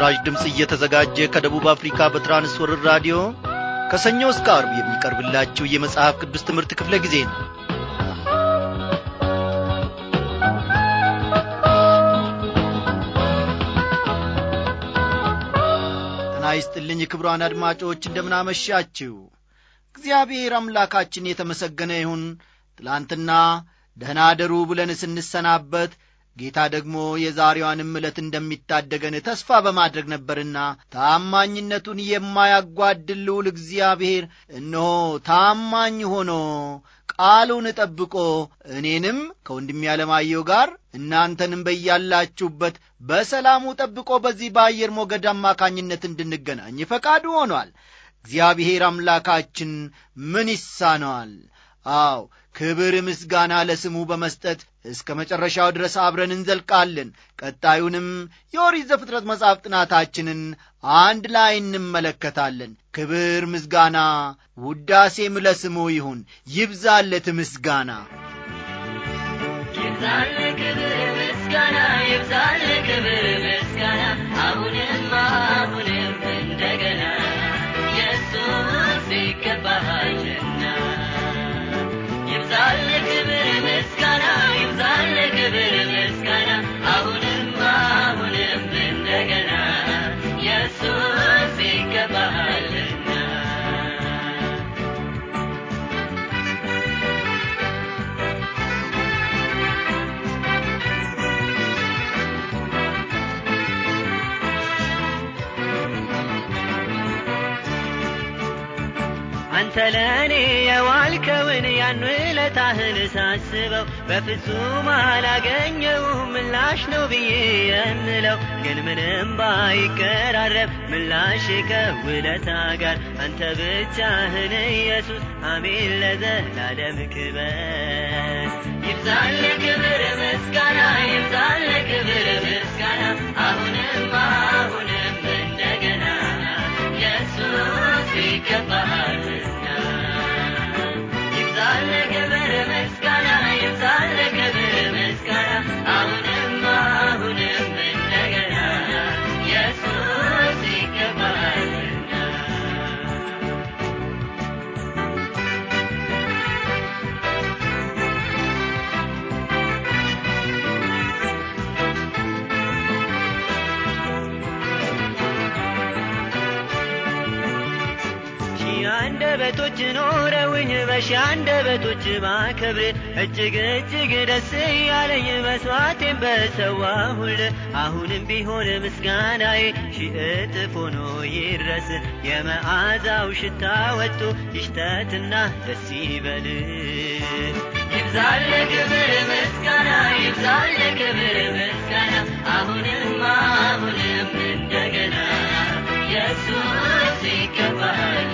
ለምስራች ድምፅ እየተዘጋጀ ከደቡብ አፍሪካ በትራንስወርር ራዲዮ ከሰኞ እስከ አርብ የሚቀርብላችሁ የመጽሐፍ ቅዱስ ትምህርት ክፍለ ጊዜ ነው ጤና ይስጥልኝ ክብሯን አድማጮች እንደምናመሻችው እግዚአብሔር አምላካችን የተመሰገነ ይሁን ትላንትና ደህና አደሩ ብለን ስንሰናበት ጌታ ደግሞ የዛሬዋንም ዕለት እንደሚታደገን ተስፋ በማድረግ ነበርና ታማኝነቱን የማያጓድል ልዑል እግዚአብሔር እነሆ ታማኝ ሆኖ ቃሉን ጠብቆ እኔንም ከወንድሜ ያለማየው ጋር እናንተንም በያላችሁበት በሰላሙ ጠብቆ በዚህ በአየር ሞገድ አማካኝነት እንድንገናኝ ፈቃዱ ሆኗል። እግዚአብሔር አምላካችን ምን ይሳነዋል? አው ክብር ምስጋና ለስሙ በመስጠት እስከ መጨረሻው ድረስ አብረን እንዘልቃለን። ቀጣዩንም የኦሪት ዘፍጥረት መጽሐፍ ጥናታችንን አንድ ላይ እንመለከታለን። ክብር ምስጋና፣ ውዳሴም ለስሙ ይሁን። ይብዛለት ምስጋና ይብዛል ስለኔ የዋልከውን ያን ውለታህን ሳስበው በፍጹም አላገኘው ምላሽ ነው ብዬ የምለው ግን ምንም ባይቀራረብ ምላሽ ከውለታ ጋር አንተ ብቻህን ኢየሱስ አሜን ለዘላለም ክበር ይብዛል ክብር ምስጋና ይብዛል ክብር ምስጋና አሁንም አሁንም እንደገና የሱስ ይገባል በሺ አንደበቶች ማከብር እጅግ እጅግ ደስ እያለኝ መስዋዕቴን በሰዋሁል አሁንም ቢሆን ምስጋናዬ ሺህ እጥፍ ሆኖ ይድረስ የመዓዛው ሽታ ወጡ ይሽተትና ደስ ይበል ይብዛል ክብር ምስጋና ይብዛል ክብር ምስጋና አሁንም አሁንም እንደገና የሱስ ይገባል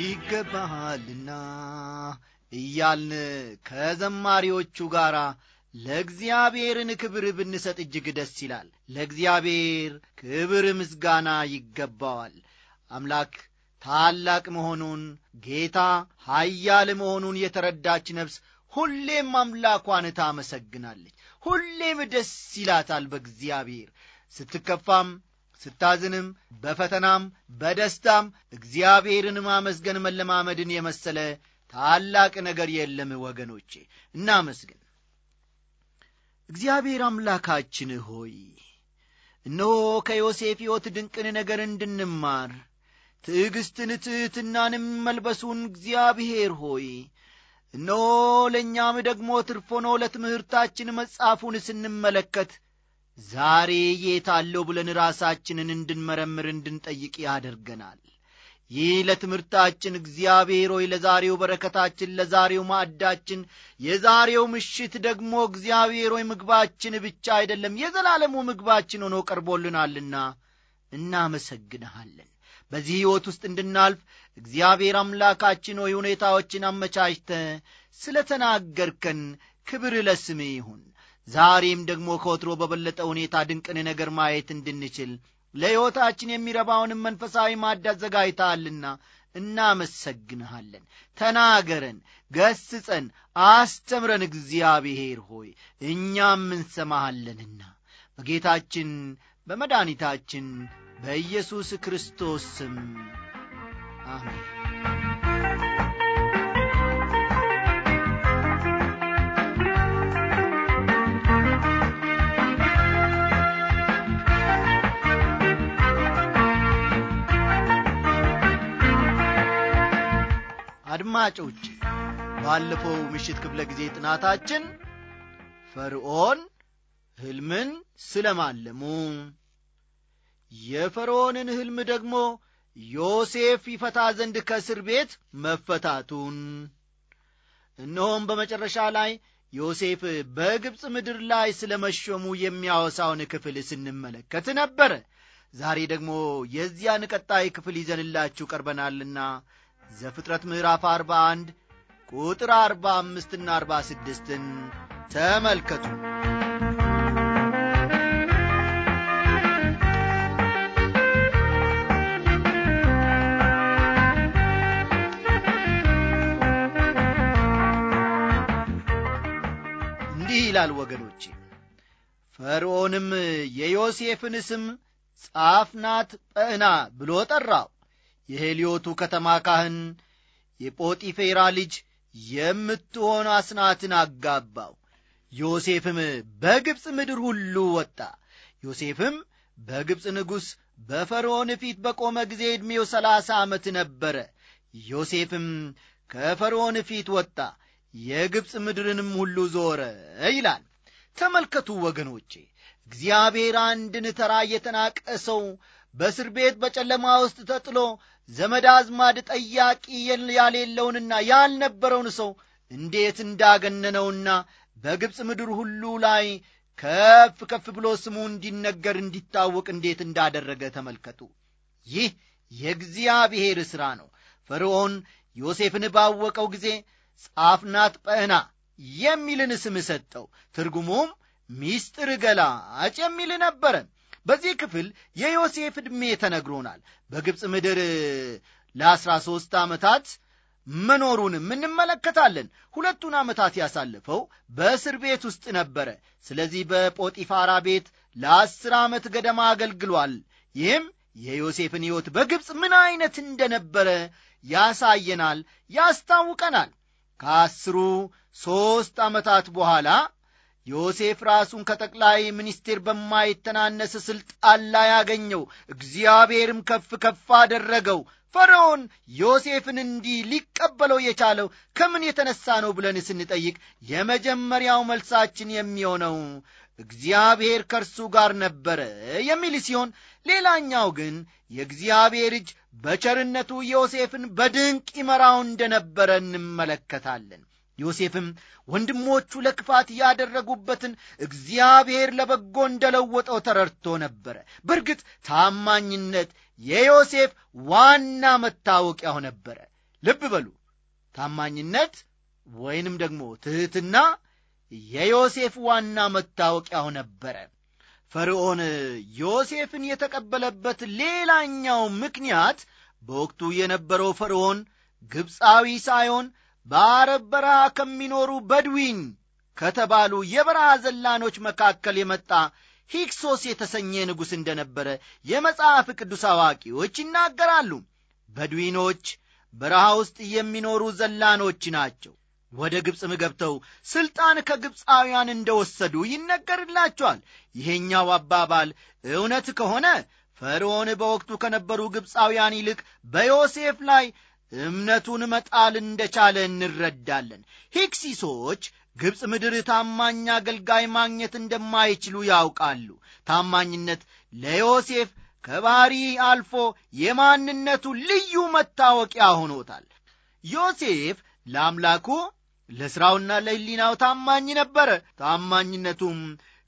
ይገባሃልና እያልን ከዘማሪዎቹ ጋር ለእግዚአብሔርን ክብር ብንሰጥ እጅግ ደስ ይላል። ለእግዚአብሔር ክብር ምስጋና ይገባዋል። አምላክ ታላቅ መሆኑን ጌታ ሀያል መሆኑን የተረዳች ነፍስ ሁሌም አምላኳን ታመሰግናለች። ሁሌም ደስ ይላታል በእግዚአብሔር ስትከፋም ስታዝንም በፈተናም በደስታም እግዚአብሔርን ማመስገን መለማመድን የመሰለ ታላቅ ነገር የለም። ወገኖቼ እናመስግን። እግዚአብሔር አምላካችን ሆይ እነሆ ከዮሴፍ ሕይወት ድንቅን ነገር እንድንማር ትዕግሥትን ትሕትናንም መልበሱን እግዚአብሔር ሆይ እነሆ ለእኛም ደግሞ ትርፎ ሆኖ ለትምህርታችን መጻፉን ስንመለከት ዛሬ የት አለው ብለን ራሳችንን እንድንመረምር እንድንጠይቅ ያደርገናል። ይህ ለትምህርታችን እግዚአብሔር ሆይ ለዛሬው በረከታችን፣ ለዛሬው ማዕዳችን፣ የዛሬው ምሽት ደግሞ እግዚአብሔር ሆይ ምግባችን ብቻ አይደለም የዘላለሙ ምግባችን ሆኖ ቀርቦልናልና እናመሰግንሃለን። በዚህ ሕይወት ውስጥ እንድናልፍ እግዚአብሔር አምላካችን ሆይ ሁኔታዎችን አመቻችተ ስለ ተናገርከን ክብር ለስሜ ይሁን። ዛሬም ደግሞ ከወትሮ በበለጠ ሁኔታ ድንቅን ነገር ማየት እንድንችል ለሕይወታችን የሚረባውንም መንፈሳዊ ማድ አዘጋጅተሃልና እናመሰግንሃለን። ተናገረን፣ ገስጸን፣ አስተምረን እግዚአብሔር ሆይ እኛም እንሰማሃለንና በጌታችን በመድኒታችን በኢየሱስ ክርስቶስ ስም አሜን አድማጮች ባለፈው ምሽት ክፍለ ጊዜ ጥናታችን ፈርዖን ሕልምን ስለማለሙ የፈርዖንን ሕልም ደግሞ ዮሴፍ ይፈታ ዘንድ ከእስር ቤት መፈታቱን እነሆም በመጨረሻ ላይ ዮሴፍ በግብፅ ምድር ላይ ስለ መሾሙ የሚያወሳውን ክፍል ስንመለከት ነበረ። ዛሬ ደግሞ የዚያን ቀጣይ ክፍል ይዘንላችሁ ቀርበናልና ዘፍጥረት ምዕራፍ 41 ቁጥር 45ና 46 ን ተመልከቱ። ፈርዖንም የዮሴፍን ስም ጻፍናት ጰዕና ብሎ ጠራው። የሄልዮቱ ከተማ ካህን የጶጢፌራ ልጅ የምትሆን አስናትን አጋባው። ዮሴፍም በግብፅ ምድር ሁሉ ወጣ። ዮሴፍም በግብፅ ንጉሥ በፈርዖን ፊት በቆመ ጊዜ ዕድሜው ሰላሳ ዓመት ነበረ። ዮሴፍም ከፈርዖን ፊት ወጣ፣ የግብፅ ምድርንም ሁሉ ዞረ ይላል። ተመልከቱ ወገኖቼ እግዚአብሔር አንድን ተራ የተናቀ ሰው በእስር ቤት በጨለማ ውስጥ ተጥሎ ዘመድ አዝማድ ጠያቂ ያሌለውንና ያልነበረውን ሰው እንዴት እንዳገነነውና በግብፅ ምድር ሁሉ ላይ ከፍ ከፍ ብሎ ስሙ እንዲነገር እንዲታወቅ እንዴት እንዳደረገ ተመልከቱ። ይህ የእግዚአብሔር ሥራ ነው። ፈርዖን ዮሴፍን ባወቀው ጊዜ ጻፍናት ጳዕና የሚልን ስም ሰጠው። ትርጉሙም ሚስጥር ገላጭ የሚል ነበረ። በዚህ ክፍል የዮሴፍ ዕድሜ ተነግሮናል። በግብፅ ምድር ለአስራ ሦስት ዓመታት መኖሩንም እንመለከታለን። ሁለቱን ዓመታት ያሳልፈው በእስር ቤት ውስጥ ነበረ። ስለዚህ በጶጢፋራ ቤት ለአስር ዓመት ገደማ አገልግሏል። ይህም የዮሴፍን ሕይወት በግብፅ ምን ዐይነት እንደነበረ ያሳየናል፣ ያስታውቀናል። ከአስሩ ሦስት ዓመታት በኋላ ዮሴፍ ራሱን ከጠቅላይ ሚኒስቴር በማይተናነስ ሥልጣን ላይ አገኘው። እግዚአብሔርም ከፍ ከፍ አደረገው። ፈርዖን ዮሴፍን እንዲህ ሊቀበለው የቻለው ከምን የተነሳ ነው ብለን ስንጠይቅ የመጀመሪያው መልሳችን የሚሆነው እግዚአብሔር ከእርሱ ጋር ነበረ የሚል ሲሆን ሌላኛው ግን የእግዚአብሔር እጅ በቸርነቱ ዮሴፍን በድንቅ ይመራው እንደነበረ እንመለከታለን። ዮሴፍም ወንድሞቹ ለክፋት ያደረጉበትን እግዚአብሔር ለበጎ እንደለወጠው ተረድቶ ነበረ። በእርግጥ ታማኝነት የዮሴፍ ዋና መታወቂያው ነበረ። ልብ በሉ ታማኝነት ወይንም ደግሞ ትሕትና የዮሴፍ ዋና መታወቂያው ነበረ። ፈርዖን ዮሴፍን የተቀበለበት ሌላኛው ምክንያት በወቅቱ የነበረው ፈርዖን ግብፃዊ ሳይሆን በአረብ በረሃ ከሚኖሩ በድዊን ከተባሉ የበረሃ ዘላኖች መካከል የመጣ ሂክሶስ የተሰኘ ንጉሥ እንደነበረ የመጽሐፍ ቅዱስ አዋቂዎች ይናገራሉ። በድዊኖች በረሃ ውስጥ የሚኖሩ ዘላኖች ናቸው። ወደ ግብፅም ገብተው ሥልጣን ከግብፃውያን እንደ ወሰዱ ይነገርላቸዋል። ይሄኛው አባባል እውነት ከሆነ ፈርዖን በወቅቱ ከነበሩ ግብፃውያን ይልቅ በዮሴፍ ላይ እምነቱን መጣል እንደቻለ እንረዳለን። ሂክሲሶች ግብፅ ምድር ታማኝ አገልጋይ ማግኘት እንደማይችሉ ያውቃሉ። ታማኝነት ለዮሴፍ ከባሕሪ አልፎ የማንነቱ ልዩ መታወቂያ ሆኖታል። ዮሴፍ ለአምላኩ ለሥራውና ለሕሊናው ታማኝ ነበረ። ታማኝነቱም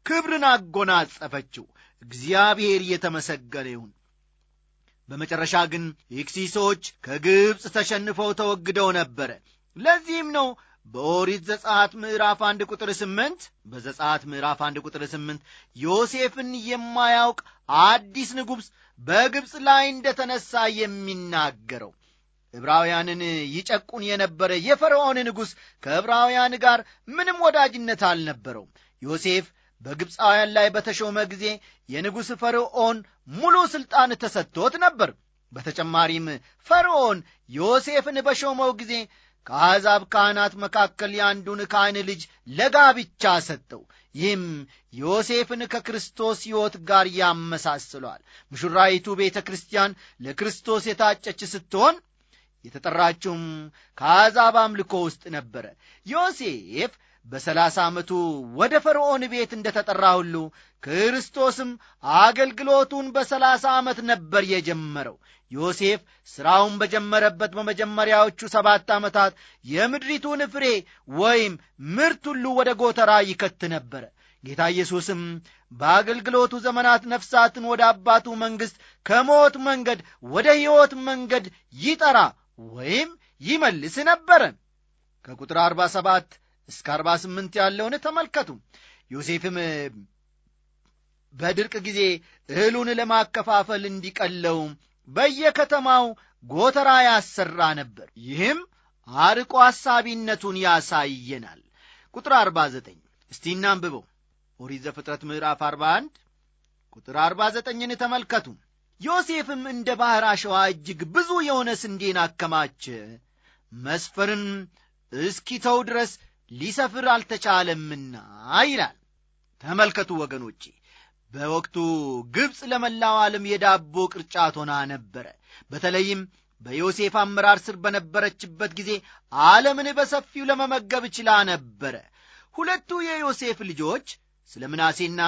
ክብርን አጎናጸፈችው። እግዚአብሔር እየተመሰገነ ይሁን። በመጨረሻ ግን ኢክሲሶች ከግብፅ ተሸንፈው ተወግደው ነበረ። ለዚህም ነው በኦሪት ዘጸአት ምዕራፍ አንድ ቁጥር ስምንት በዘጸአት ምዕራፍ አንድ ቁጥር ስምንት ዮሴፍን የማያውቅ አዲስ ንጉሥ በግብፅ ላይ እንደ ተነሣ የሚናገረው ዕብራውያንን ይጨቁን የነበረ የፈርዖን ንጉሥ ከዕብራውያን ጋር ምንም ወዳጅነት አልነበረው። ዮሴፍ በግብፃውያን ላይ በተሾመ ጊዜ የንጉሥ ፈርዖን ሙሉ ሥልጣን ተሰጥቶት ነበር። በተጨማሪም ፈርዖን ዮሴፍን በሾመው ጊዜ ከአሕዛብ ካህናት መካከል የአንዱን ካህን ልጅ ለጋብቻ ሰጠው። ይህም ዮሴፍን ከክርስቶስ ሕይወት ጋር ያመሳስሏል። ምሹራይቱ ቤተ ክርስቲያን ለክርስቶስ የታጨች ስትሆን የተጠራችውም ከአሕዛብ አምልኮ ውስጥ ነበረ። ዮሴፍ በሰላሳ ዓመቱ ወደ ፈርዖን ቤት እንደ ተጠራ ሁሉ ክርስቶስም አገልግሎቱን በሰላሳ ዓመት ነበር የጀመረው። ዮሴፍ ሥራውን በጀመረበት በመጀመሪያዎቹ ሰባት ዓመታት የምድሪቱን ፍሬ ወይም ምርት ሁሉ ወደ ጎተራ ይከት ነበረ። ጌታ ኢየሱስም በአገልግሎቱ ዘመናት ነፍሳትን ወደ አባቱ መንግሥት ከሞት መንገድ ወደ ሕይወት መንገድ ይጠራ ወይም ይመልስ ነበረ። ከቁጥር 47 እስከ 48 ያለውን ተመልከቱ። ዮሴፍም በድርቅ ጊዜ እህሉን ለማከፋፈል እንዲቀለው በየከተማው ጎተራ ያሰራ ነበር። ይህም አርቆ ሐሳቢነቱን ያሳየናል። ቁጥር 49 እስቲ እናንብበው። ኦሪዘ ፍጥረት ምዕራፍ 41 ቁጥር 49ን ተመልከቱ። ዮሴፍም እንደ ባሕር አሸዋ እጅግ ብዙ የሆነ ስንዴን አከማቸ። መስፈርን እስኪተው ድረስ ሊሰፍር አልተቻለምና ይላል። ተመልከቱ ወገኖቼ፣ በወቅቱ ግብፅ ለመላው ዓለም የዳቦ ቅርጫት ሆና ነበረ። በተለይም በዮሴፍ አመራር ስር በነበረችበት ጊዜ ዓለምን በሰፊው ለመመገብ ችላ ነበረ። ሁለቱ የዮሴፍ ልጆች ስለ ምናሴና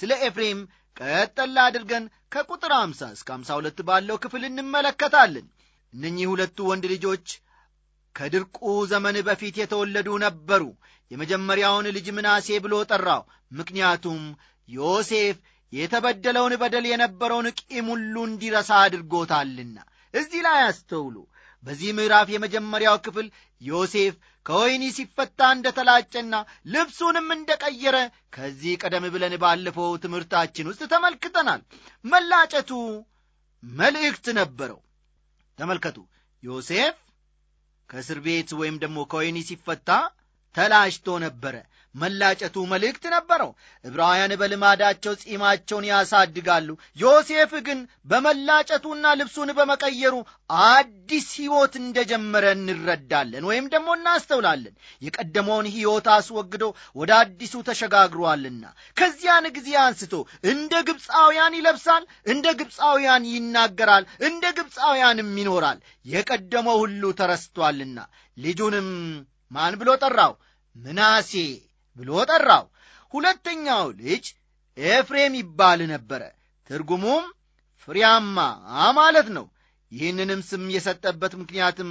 ስለ ኤፍሬም ቀጠላ አድርገን ከቁጥር 50 እስከ 52 ባለው ክፍል እንመለከታለን። እነኚህ ሁለቱ ወንድ ልጆች ከድርቁ ዘመን በፊት የተወለዱ ነበሩ። የመጀመሪያውን ልጅ ምናሴ ብሎ ጠራው። ምክንያቱም ዮሴፍ የተበደለውን በደል የነበረውን ቂም ሁሉ እንዲረሳ አድርጎታልና። እዚህ ላይ አስተውሉ። በዚህ ምዕራፍ የመጀመሪያው ክፍል ዮሴፍ ከወይኒ ሲፈታ እንደ ተላጨና ልብሱንም እንደ ቀየረ ከዚህ ቀደም ብለን ባለፈው ትምህርታችን ውስጥ ተመልክተናል። መላጨቱ መልእክት ነበረው። ተመልከቱ፣ ዮሴፍ ከእስር ቤት ወይም ደግሞ ከወይኒ ሲፈታ ተላጭቶ ነበረ። መላጨቱ መልእክት ነበረው። ዕብራውያን በልማዳቸው ጺማቸውን ያሳድጋሉ። ዮሴፍ ግን በመላጨቱና ልብሱን በመቀየሩ አዲስ ሕይወት እንደጀመረ እንረዳለን ወይም ደግሞ እናስተውላለን። የቀደመውን ሕይወት አስወግዶ ወደ አዲሱ ተሸጋግሯልና ከዚያን ጊዜ አንስቶ እንደ ግብፃውያን ይለብሳል፣ እንደ ግብፃውያን ይናገራል፣ እንደ ግብፃውያንም ይኖራል። የቀደመው ሁሉ ተረስቷልና ልጁንም ማን ብሎ ጠራው? ምናሴ ብሎ ጠራው። ሁለተኛው ልጅ ኤፍሬም ይባል ነበረ። ትርጉሙም ፍሬያማ ማለት ነው። ይህንንም ስም የሰጠበት ምክንያትም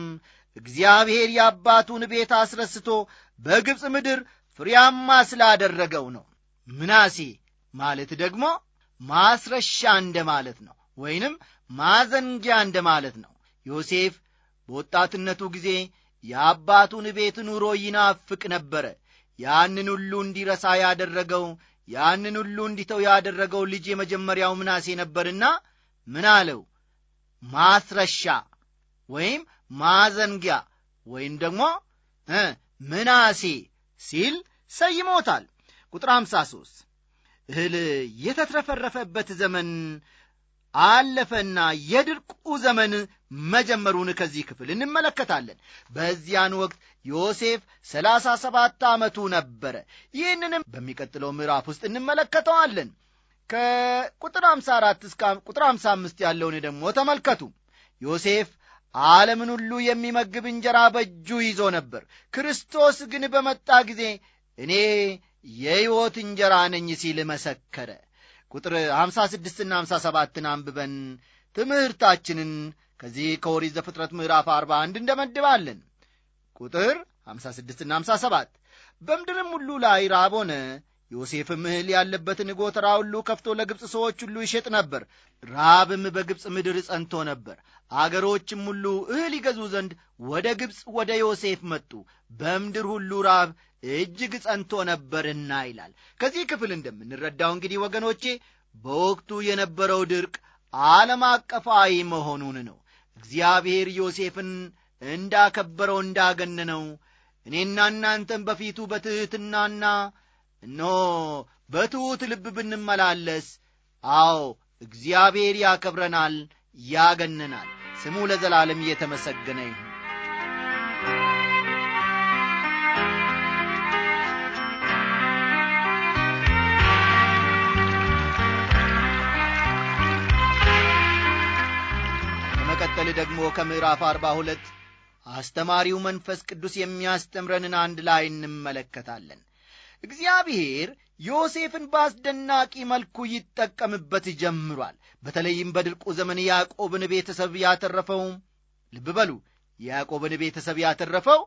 እግዚአብሔር የአባቱን ቤት አስረስቶ በግብፅ ምድር ፍሬያማ ስላደረገው ነው። ምናሴ ማለት ደግሞ ማስረሻ እንደ ማለት ነው፣ ወይንም ማዘንጊያ እንደ ማለት ነው። ዮሴፍ በወጣትነቱ ጊዜ የአባቱን ቤት ኑሮ ይናፍቅ ነበረ። ያንን ሁሉ እንዲረሳ ያደረገው ያንን ሁሉ እንዲተው ያደረገው ልጅ የመጀመሪያው ምናሴ ነበርና ምን አለው ማስረሻ ወይም ማዘንጊያ ወይም ደግሞ ምናሴ ሲል ሰይሞታል ቁጥር 53 እህል የተትረፈረፈበት ዘመን አለፈና የድርቁ ዘመን መጀመሩን ከዚህ ክፍል እንመለከታለን። በዚያን ወቅት ዮሴፍ ሰላሳ ሰባት ዓመቱ ነበረ። ይህንንም በሚቀጥለው ምዕራፍ ውስጥ እንመለከተዋለን። ከቁጥር 54 እስከ ቁጥር 55 ያለውን ደግሞ ተመልከቱ። ዮሴፍ ዓለምን ሁሉ የሚመግብ እንጀራ በእጁ ይዞ ነበር። ክርስቶስ ግን በመጣ ጊዜ እኔ የሕይወት እንጀራ ነኝ ሲል መሰከረ። ቁጥር ሐምሳ ስድስትና ሐምሳ ሰባትን አንብበን ትምህርታችንን ከዚህ ከኦሪት ዘፍጥረት ምዕራፍ አርባ አንድ እንደመድባለን። ቁጥር ሐምሳ ስድስትና ሐምሳ ሰባት በምድርም ሁሉ ላይ ራብ ሆነ። ዮሴፍም እህል ያለበትን ጎተራ ሁሉ ከፍቶ ለግብፅ ሰዎች ሁሉ ይሸጥ ነበር። ራብም በግብፅ ምድር ጸንቶ ነበር። አገሮችም ሁሉ እህል ይገዙ ዘንድ ወደ ግብፅ ወደ ዮሴፍ መጡ። በምድር ሁሉ ራብ እጅግ ጸንቶ ነበርና ይላል። ከዚህ ክፍል እንደምንረዳው እንግዲህ ወገኖቼ በወቅቱ የነበረው ድርቅ ዓለም አቀፋዊ መሆኑን ነው። እግዚአብሔር ዮሴፍን እንዳከበረው እንዳገነነው እኔና እናንተም በፊቱ በትሕትናና እነሆ በትሑት ልብ ብንመላለስ፣ አዎ እግዚአብሔር ያከብረናል፣ ያገነናል። ስሙ ለዘላለም እየተመሰገነ ይሁን። ቃል ደግሞ ከምዕራፍ አርባ ሁለት አስተማሪው መንፈስ ቅዱስ የሚያስተምረንን አንድ ላይ እንመለከታለን እግዚአብሔር ዮሴፍን በአስደናቂ መልኩ ይጠቀምበት ጀምሯል በተለይም በድርቁ ዘመን ያዕቆብን ቤተሰብ ያተረፈው ልብ በሉ ያዕቆብን ቤተሰብ ያተረፈው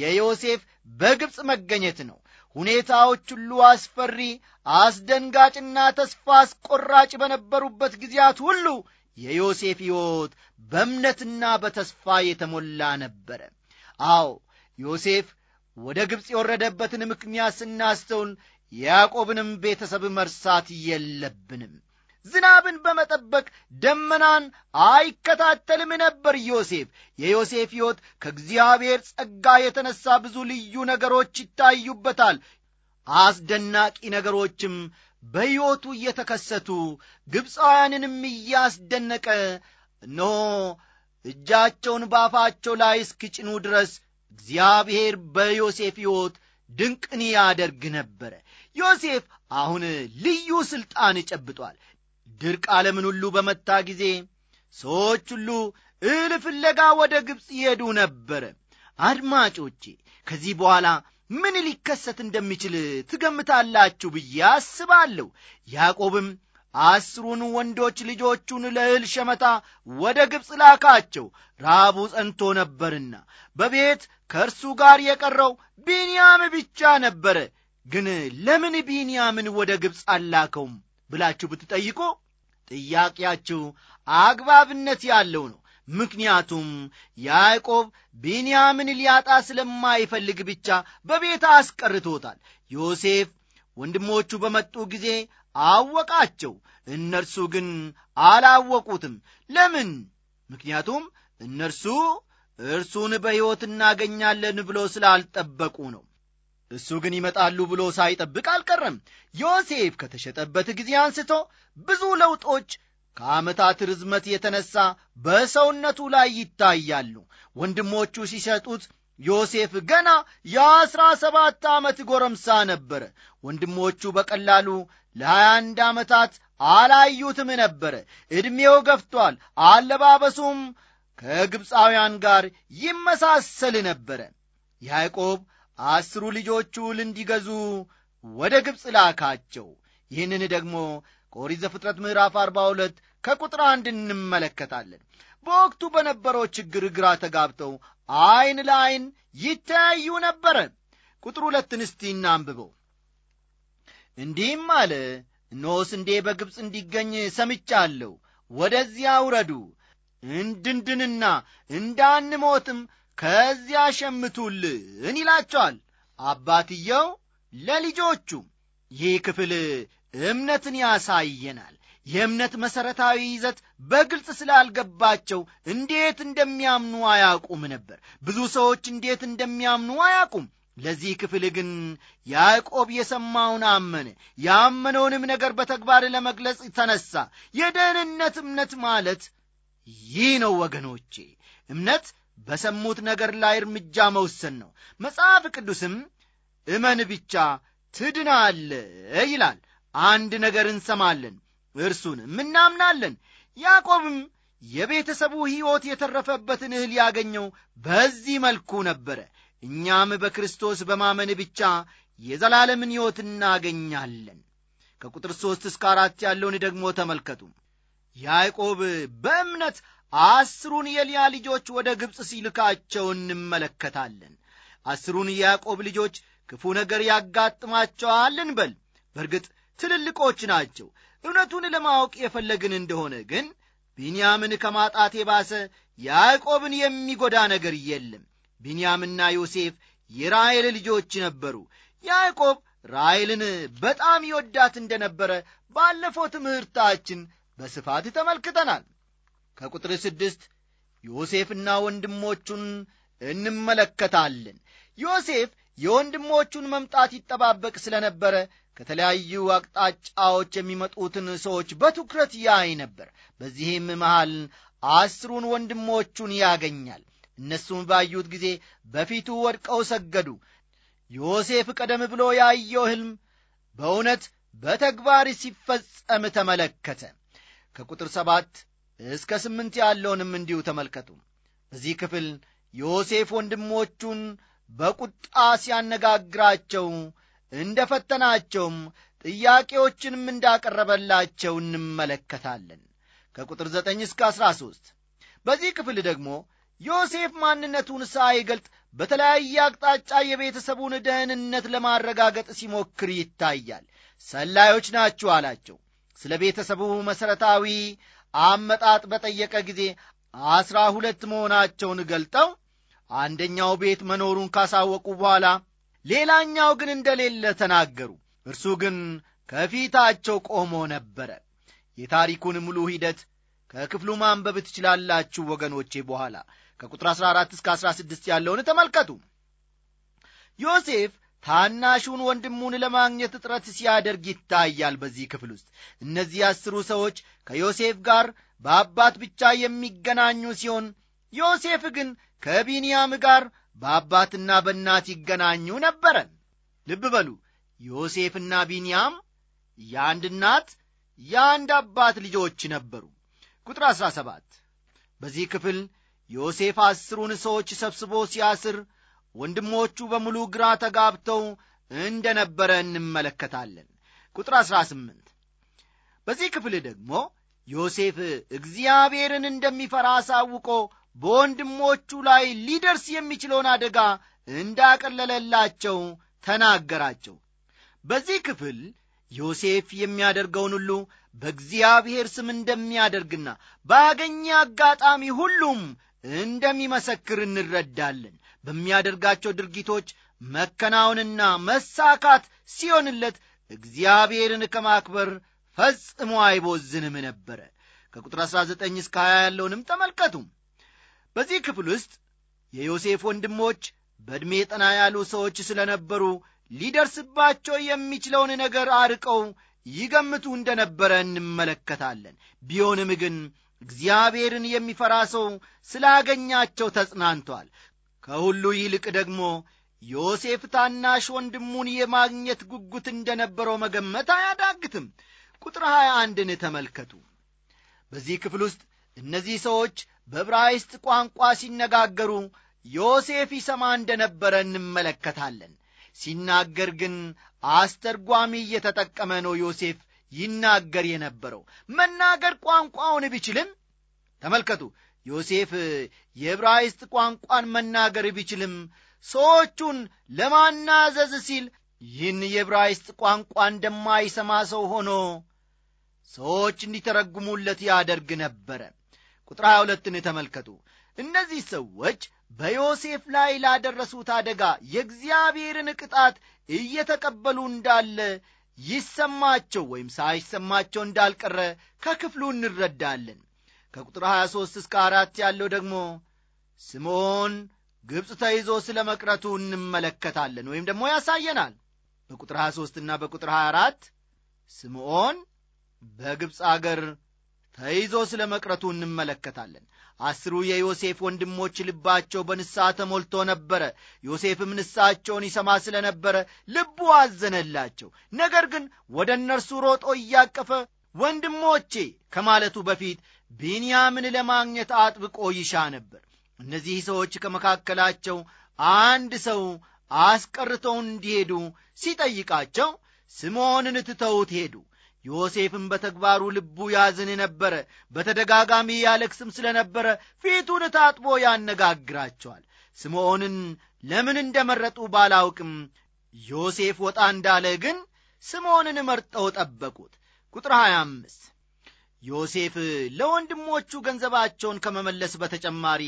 የዮሴፍ በግብፅ መገኘት ነው ሁኔታዎች ሁሉ አስፈሪ አስደንጋጭና ተስፋ አስቆራጭ በነበሩበት ጊዜያት ሁሉ የዮሴፍ ሕይወት በእምነትና በተስፋ የተሞላ ነበረ። አዎ ዮሴፍ ወደ ግብፅ የወረደበትን ምክንያት ስናስተውል የያዕቆብንም ቤተሰብ መርሳት የለብንም። ዝናብን በመጠበቅ ደመናን አይከታተልም ነበር ዮሴፍ። የዮሴፍ ሕይወት ከእግዚአብሔር ጸጋ የተነሳ ብዙ ልዩ ነገሮች ይታዩበታል። አስደናቂ ነገሮችም በሕይወቱ እየተከሰቱ ግብፃውያንንም እያስደነቀ ኖ እጃቸውን በአፋቸው ላይ እስክጭኑ ድረስ እግዚአብሔር በዮሴፍ ሕይወት ድንቅን ያደርግ ነበረ። ዮሴፍ አሁን ልዩ ሥልጣን ጨብጧል። ድርቅ ዓለምን ሁሉ በመታ ጊዜ ሰዎች ሁሉ እህል ፍለጋ ወደ ግብፅ ይሄዱ ነበረ። አድማጮቼ ከዚህ በኋላ ምን ሊከሰት እንደሚችል ትገምታላችሁ ብዬ አስባለሁ። ያዕቆብም አስሩን ወንዶች ልጆቹን ለእህል ሸመታ ወደ ግብፅ ላካቸው፣ ራቡ ጸንቶ ነበርና። በቤት ከእርሱ ጋር የቀረው ቢንያም ብቻ ነበረ። ግን ለምን ቢንያምን ወደ ግብፅ አላከውም ብላችሁ ብትጠይቁ ጥያቄያችሁ አግባብነት ያለው ነው። ምክንያቱም ያዕቆብ ቢንያምን ሊያጣ ስለማይፈልግ ብቻ በቤት አስቀርቶታል። ዮሴፍ ወንድሞቹ በመጡ ጊዜ አወቃቸው፣ እነርሱ ግን አላወቁትም። ለምን? ምክንያቱም እነርሱ እርሱን በሕይወት እናገኛለን ብሎ ስላልጠበቁ ነው። እሱ ግን ይመጣሉ ብሎ ሳይጠብቅ አልቀረም። ዮሴፍ ከተሸጠበት ጊዜ አንስቶ ብዙ ለውጦች ከዓመታት ርዝመት የተነሳ በሰውነቱ ላይ ይታያሉ። ወንድሞቹ ሲሰጡት ዮሴፍ ገና የአሥራ ሰባት ዓመት ጎረምሳ ነበረ። ወንድሞቹ በቀላሉ ለሀያ አንድ ዓመታት አላዩትም ነበረ። ዕድሜው ገፍቷል። አለባበሱም ከግብፃውያን ጋር ይመሳሰል ነበረ። ያዕቆብ አስሩ ልጆቹ እንዲገዙ ወደ ግብፅ ላካቸው። ይህንን ደግሞ ከኦሪት ዘፍጥረት ምዕራፍ 42 ከቁጥር አንድ እንመለከታለን። በወቅቱ በነበረው ችግር ግራ ተጋብተው ዐይን ለዐይን ይተያዩ ነበረ። ቁጥር ሁለትን እስቲ እናንብበው። እንዲህም አለ፣ እነሆ ስንዴ በግብፅ እንዲገኝ ሰምቻለሁ። ወደዚያ ውረዱ፣ እንድንድንና እንዳንሞትም ከዚያ ሸምቱልን ይላቸዋል አባትየው ለልጆቹ። ይህ ክፍል እምነትን ያሳየናል። የእምነት መሠረታዊ ይዘት በግልጽ ስላልገባቸው እንዴት እንደሚያምኑ አያውቁም ነበር። ብዙ ሰዎች እንዴት እንደሚያምኑ አያውቁም። ለዚህ ክፍል ግን ያዕቆብ የሰማውን አመነ። ያመነውንም ነገር በተግባር ለመግለጽ ተነሳ። የደህንነት እምነት ማለት ይህ ነው ወገኖቼ። እምነት በሰሙት ነገር ላይ እርምጃ መውሰን ነው። መጽሐፍ ቅዱስም እመን ብቻ ትድናለ ይላል። አንድ ነገር እንሰማለን፣ እርሱንም እናምናለን። ያዕቆብም የቤተሰቡ ሕይወት የተረፈበትን እህል ያገኘው በዚህ መልኩ ነበረ። እኛም በክርስቶስ በማመን ብቻ የዘላለምን ሕይወት እናገኛለን። ከቁጥር ሦስት እስከ አራት ያለውን ደግሞ ተመልከቱ። ያዕቆብ በእምነት አስሩን የልያ ልጆች ወደ ግብፅ ሲልካቸው እንመለከታለን። አስሩን የያዕቆብ ልጆች ክፉ ነገር ያጋጥማቸዋልን በል በእርግጥ ትልልቆች ናቸው። እውነቱን ለማወቅ የፈለግን እንደሆነ ግን ቢንያምን ከማጣት የባሰ ያዕቆብን የሚጎዳ ነገር የለም። ቢንያምና ዮሴፍ የራይል ልጆች ነበሩ። ያዕቆብ ራይልን በጣም ይወዳት እንደነበረ ባለፈው ትምህርታችን በስፋት ተመልክተናል። ከቁጥር ስድስት ዮሴፍና ወንድሞቹን እንመለከታለን። ዮሴፍ የወንድሞቹን መምጣት ይጠባበቅ ስለነበረ ከተለያዩ አቅጣጫዎች የሚመጡትን ሰዎች በትኩረት ያይ ነበር። በዚህም መሃል አስሩን ወንድሞቹን ያገኛል። እነሱም ባዩት ጊዜ በፊቱ ወድቀው ሰገዱ። ዮሴፍ ቀደም ብሎ ያየው ሕልም በእውነት በተግባር ሲፈጸም ተመለከተ። ከቁጥር ሰባት እስከ ስምንት ያለውንም እንዲሁ ተመልከቱ። በዚህ ክፍል ዮሴፍ ወንድሞቹን በቁጣ ሲያነጋግራቸው እንደ ፈተናቸውም ጥያቄዎችንም እንዳቀረበላቸው እንመለከታለን። ከቁጥር 9 እስከ 13 በዚህ ክፍል ደግሞ ዮሴፍ ማንነቱን ሳይገልጥ በተለያየ አቅጣጫ የቤተሰቡን ደህንነት ለማረጋገጥ ሲሞክር ይታያል። ሰላዮች ናችሁ አላቸው። ስለ ቤተሰቡ መሠረታዊ አመጣጥ በጠየቀ ጊዜ አስራ ሁለት መሆናቸውን ገልጠው አንደኛው ቤት መኖሩን ካሳወቁ በኋላ ሌላኛው ግን እንደሌለ ተናገሩ። እርሱ ግን ከፊታቸው ቆሞ ነበረ። የታሪኩን ሙሉ ሂደት ከክፍሉ ማንበብ ትችላላችሁ ወገኖቼ። በኋላ ከቁጥር 14 እስከ 16 ያለውን ተመልከቱ። ዮሴፍ ታናሹን ወንድሙን ለማግኘት እጥረት ሲያደርግ ይታያል። በዚህ ክፍል ውስጥ እነዚህ አስሩ ሰዎች ከዮሴፍ ጋር በአባት ብቻ የሚገናኙ ሲሆን ዮሴፍ ግን ከቢንያም ጋር በአባትና በእናት ይገናኙ ነበረ ልብ በሉ ዮሴፍና ቢንያም የአንድ እናት የአንድ አባት ልጆች ነበሩ። ቁጥር 17 በዚህ ክፍል ዮሴፍ አስሩን ሰዎች ሰብስቦ ሲያስር ወንድሞቹ በሙሉ ግራ ተጋብተው እንደ ነበረ እንመለከታለን። ቁጥር 18 በዚህ ክፍል ደግሞ ዮሴፍ እግዚአብሔርን እንደሚፈራ አሳውቆ በወንድሞቹ ላይ ሊደርስ የሚችለውን አደጋ እንዳቀለለላቸው ተናገራቸው። በዚህ ክፍል ዮሴፍ የሚያደርገውን ሁሉ በእግዚአብሔር ስም እንደሚያደርግና ባገኘ አጋጣሚ ሁሉም እንደሚመሰክር እንረዳለን። በሚያደርጋቸው ድርጊቶች መከናወንና መሳካት ሲሆንለት እግዚአብሔርን ከማክበር ፈጽሞ አይቦዝንም ነበረ። ከቁጥር 19 እስከ 20 ያለውንም ተመልከቱም። በዚህ ክፍል ውስጥ የዮሴፍ ወንድሞች በዕድሜ ጠና ያሉ ሰዎች ስለ ነበሩ ሊደርስባቸው የሚችለውን ነገር አርቀው ይገምቱ እንደ ነበረ እንመለከታለን። ቢሆንም ግን እግዚአብሔርን የሚፈራ ሰው ስላገኛቸው ተጽናንቷል። ከሁሉ ይልቅ ደግሞ ዮሴፍ ታናሽ ወንድሙን የማግኘት ጉጉት እንደነበረው መገመት አያዳግትም። ቁጥር 21ን ተመልከቱ። በዚህ ክፍል ውስጥ እነዚህ ሰዎች በብራይስት ቋንቋ ሲነጋገሩ ዮሴፍ ይሰማ እንደነበረ እንመለከታለን። ሲናገር ግን አስተርጓሚ እየተጠቀመ ነው ዮሴፍ ይናገር የነበረው መናገር ቋንቋውን ቢችልም ተመልከቱ ዮሴፍ የብራይስት ቋንቋን መናገር ቢችልም ሰዎቹን ለማናዘዝ ሲል ይህን የብራይስት ቋንቋ እንደማይሰማ ሰው ሆኖ ሰዎች እንዲተረጉሙለት ያደርግ ነበረ ቁጥር 22ን ተመልከቱ። እነዚህ ሰዎች በዮሴፍ ላይ ላደረሱት አደጋ የእግዚአብሔርን ቅጣት እየተቀበሉ እንዳለ ይሰማቸው ወይም ሳይሰማቸው እንዳልቀረ ከክፍሉ እንረዳለን። ከቁጥር 23 እስከ አራት ያለው ደግሞ ስምዖን ግብፅ ተይዞ ስለ መቅረቱ እንመለከታለን ወይም ደግሞ ያሳየናል። በቁጥር 23 እና በቁጥር 24 ስምዖን በግብፅ አገር ተይዞ ስለ መቅረቱ እንመለከታለን። አስሩ የዮሴፍ ወንድሞች ልባቸው በንስሐ ተሞልቶ ነበረ። ዮሴፍም ንስሐቸውን ይሰማ ስለ ነበረ ልቡ አዘነላቸው። ነገር ግን ወደ እነርሱ ሮጦ እያቀፈ ወንድሞቼ ከማለቱ በፊት ቢንያምን ለማግኘት አጥብቆ ይሻ ነበር። እነዚህ ሰዎች ከመካከላቸው አንድ ሰው አስቀርተው እንዲሄዱ ሲጠይቃቸው ስምዖንን ትተውት ሄዱ። ዮሴፍም በተግባሩ ልቡ ያዝን ነበረ። በተደጋጋሚ ያለክስም ስለ ነበረ ፊቱን ታጥቦ ያነጋግራቸዋል። ስምዖንን ለምን እንደ መረጡ ባላውቅም ዮሴፍ ወጣ እንዳለ ግን ስምዖንን መርጠው ጠበቁት። ቁጥር 25 ዮሴፍ ለወንድሞቹ ገንዘባቸውን ከመመለስ በተጨማሪ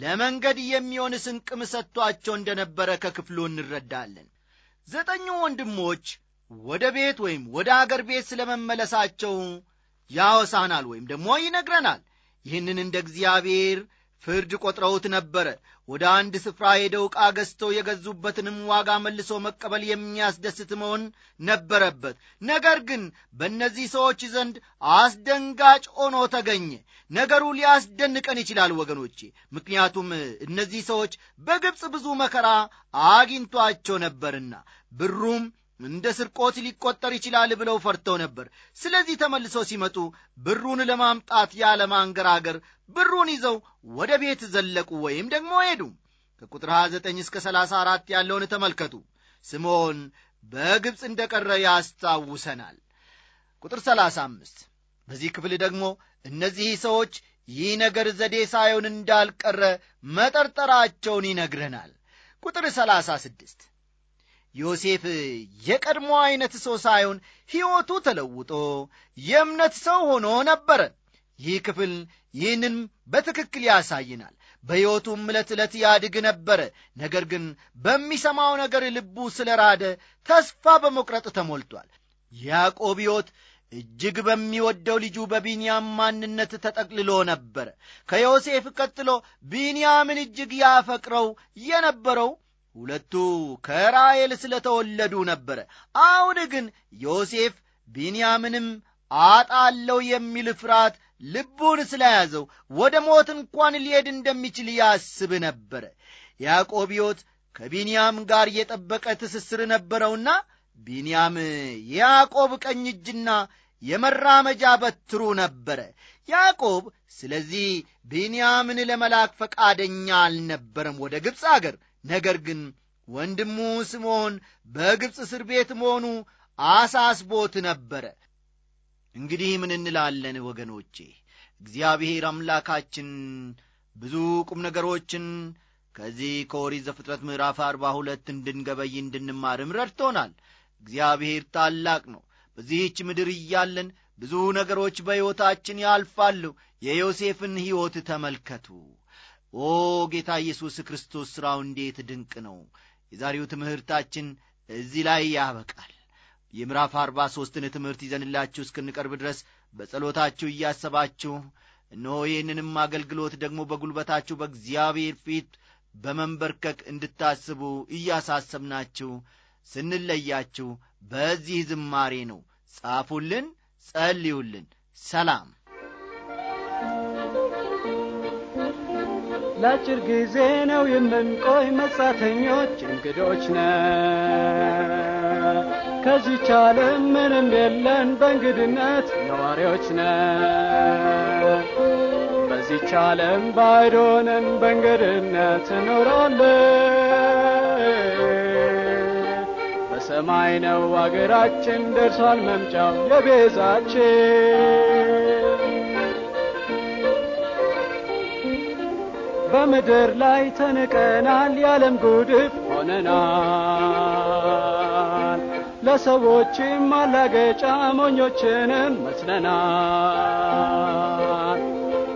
ለመንገድ የሚሆን ስንቅም ሰጥቷቸው እንደነበረ ከክፍሉ እንረዳለን። ዘጠኙ ወንድሞች ወደ ቤት ወይም ወደ አገር ቤት ስለ መመለሳቸው ያወሳናል ወይም ደግሞ ይነግረናል። ይህንን እንደ እግዚአብሔር ፍርድ ቆጥረውት ነበረ። ወደ አንድ ስፍራ ሄደው ዕቃ ገዝተው የገዙበትንም ዋጋ መልሶ መቀበል የሚያስደስት መሆን ነበረበት። ነገር ግን በእነዚህ ሰዎች ዘንድ አስደንጋጭ ሆኖ ተገኘ። ነገሩ ሊያስደንቀን ይችላል ወገኖቼ፣ ምክንያቱም እነዚህ ሰዎች በግብፅ ብዙ መከራ አግኝቷቸው ነበርና ብሩም እንደ ስርቆት ሊቆጠር ይችላል ብለው ፈርተው ነበር። ስለዚህ ተመልሰው ሲመጡ ብሩን ለማምጣት ያለማንገራገር ብሩን ይዘው ወደ ቤት ዘለቁ ወይም ደግሞ ሄዱ። ከቁጥር 29 እስከ 34 ያለውን ተመልከቱ። ስምዖን በግብፅ እንደ ቀረ ያስታውሰናል። ቁጥር 35 በዚህ ክፍል ደግሞ እነዚህ ሰዎች ይህ ነገር ዘዴ ሳይሆን እንዳልቀረ መጠርጠራቸውን ይነግረናል። ቁጥር 36 ዮሴፍ የቀድሞ ዐይነት ሰው ሳይሆን ሕይወቱ ተለውጦ የእምነት ሰው ሆኖ ነበረ። ይህ ክፍል ይህንን በትክክል ያሳይናል። በሕይወቱም ዕለት ዕለት ያድግ ነበረ። ነገር ግን በሚሰማው ነገር ልቡ ስለ ራደ ተስፋ በመቁረጥ ተሞልቷል። ያዕቆብ ሕይወት እጅግ በሚወደው ልጁ በቢንያም ማንነት ተጠቅልሎ ነበረ። ከዮሴፍ ቀጥሎ ቢንያምን እጅግ ያፈቅረው የነበረው ሁለቱ ከራኤል ስለተወለዱ ነበረ። አሁን ግን ዮሴፍ ቢንያምንም አጣለው የሚል ፍርሃት ልቡን ስለያዘው ወደ ሞት እንኳን ሊሄድ እንደሚችል ያስብ ነበረ። ያዕቆብ ሕይወት ከቢንያም ጋር የጠበቀ ትስስር ነበረውና ቢንያም የያዕቆብ ቀኝ እጅና የመራመጃ በትሩ ነበረ። ያዕቆብ ስለዚህ ቢንያምን ለመላክ ፈቃደኛ አልነበረም ወደ ግብፅ አገር። ነገር ግን ወንድሙ ስምዖን በግብፅ እስር ቤት መሆኑ አሳስቦት ነበረ። እንግዲህ ምን እንላለን ወገኖቼ? እግዚአብሔር አምላካችን ብዙ ቁም ነገሮችን ከዚህ ከኦሪት ዘፍጥረት ምዕራፍ አርባ ሁለት እንድንገበይ እንድንማርም ረድቶናል። እግዚአብሔር ታላቅ ነው። በዚህች ምድር እያለን ብዙ ነገሮች በሕይወታችን ያልፋሉ። የዮሴፍን ሕይወት ተመልከቱ። ኦ ጌታ ኢየሱስ ክርስቶስ ሥራው እንዴት ድንቅ ነው! የዛሬው ትምህርታችን እዚህ ላይ ያበቃል። የምዕራፍ አርባ ሦስትን ትምህርት ይዘንላችሁ እስክንቀርብ ድረስ በጸሎታችሁ እያሰባችሁ እነሆ ይህንንም አገልግሎት ደግሞ በጉልበታችሁ በእግዚአብሔር ፊት በመንበርከክ እንድታስቡ እያሳሰብናችሁ ስንለያችሁ በዚህ ዝማሬ ነው። ጻፉልን፣ ጸልዩልን። ሰላም ለአጭር ጊዜ ነው የምንቆይ፣ መጻተኞች እንግዶች ነ። ከዚች ዓለም ምንም የለን፣ በእንግድነት ነዋሪዎች ነ በዚች ዓለም ባይዶንን በእንግድነት እኖራለን። በሰማይ ነው አገራችን፣ ደርሷል መምጫው የቤዛችን በምድር ላይ ተንቀናል፣ የዓለም ጉድፍ ሆነናል። ለሰዎችም ማላገጫ ሞኞችንም መስለናል።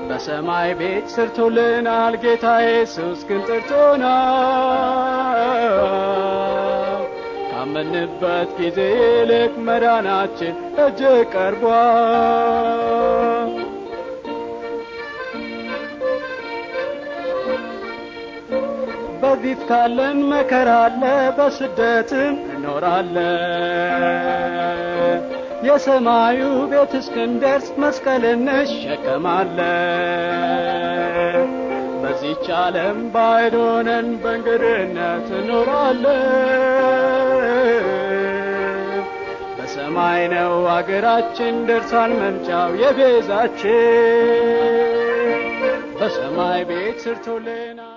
በሰማይ ቤት ሰርቶልናል ጌታ ኢየሱስ ግን ጠርቶናል። ካመንበት ጊዜ ይልቅ መዳናችን እጅግ ቀርቧል። ቢት ካለን መከራ አለ፣ በስደትም እኖራለን። የሰማዩ ቤት እስክንደርስ መስቀል እንሸከማለን። በዚች ዓለም ባይዶነን በእንግድነት እኖራለን። በሰማይ ነው አገራችን፣ ደርሳል መምጫው የቤዛችን በሰማይ ቤት ስርቶልና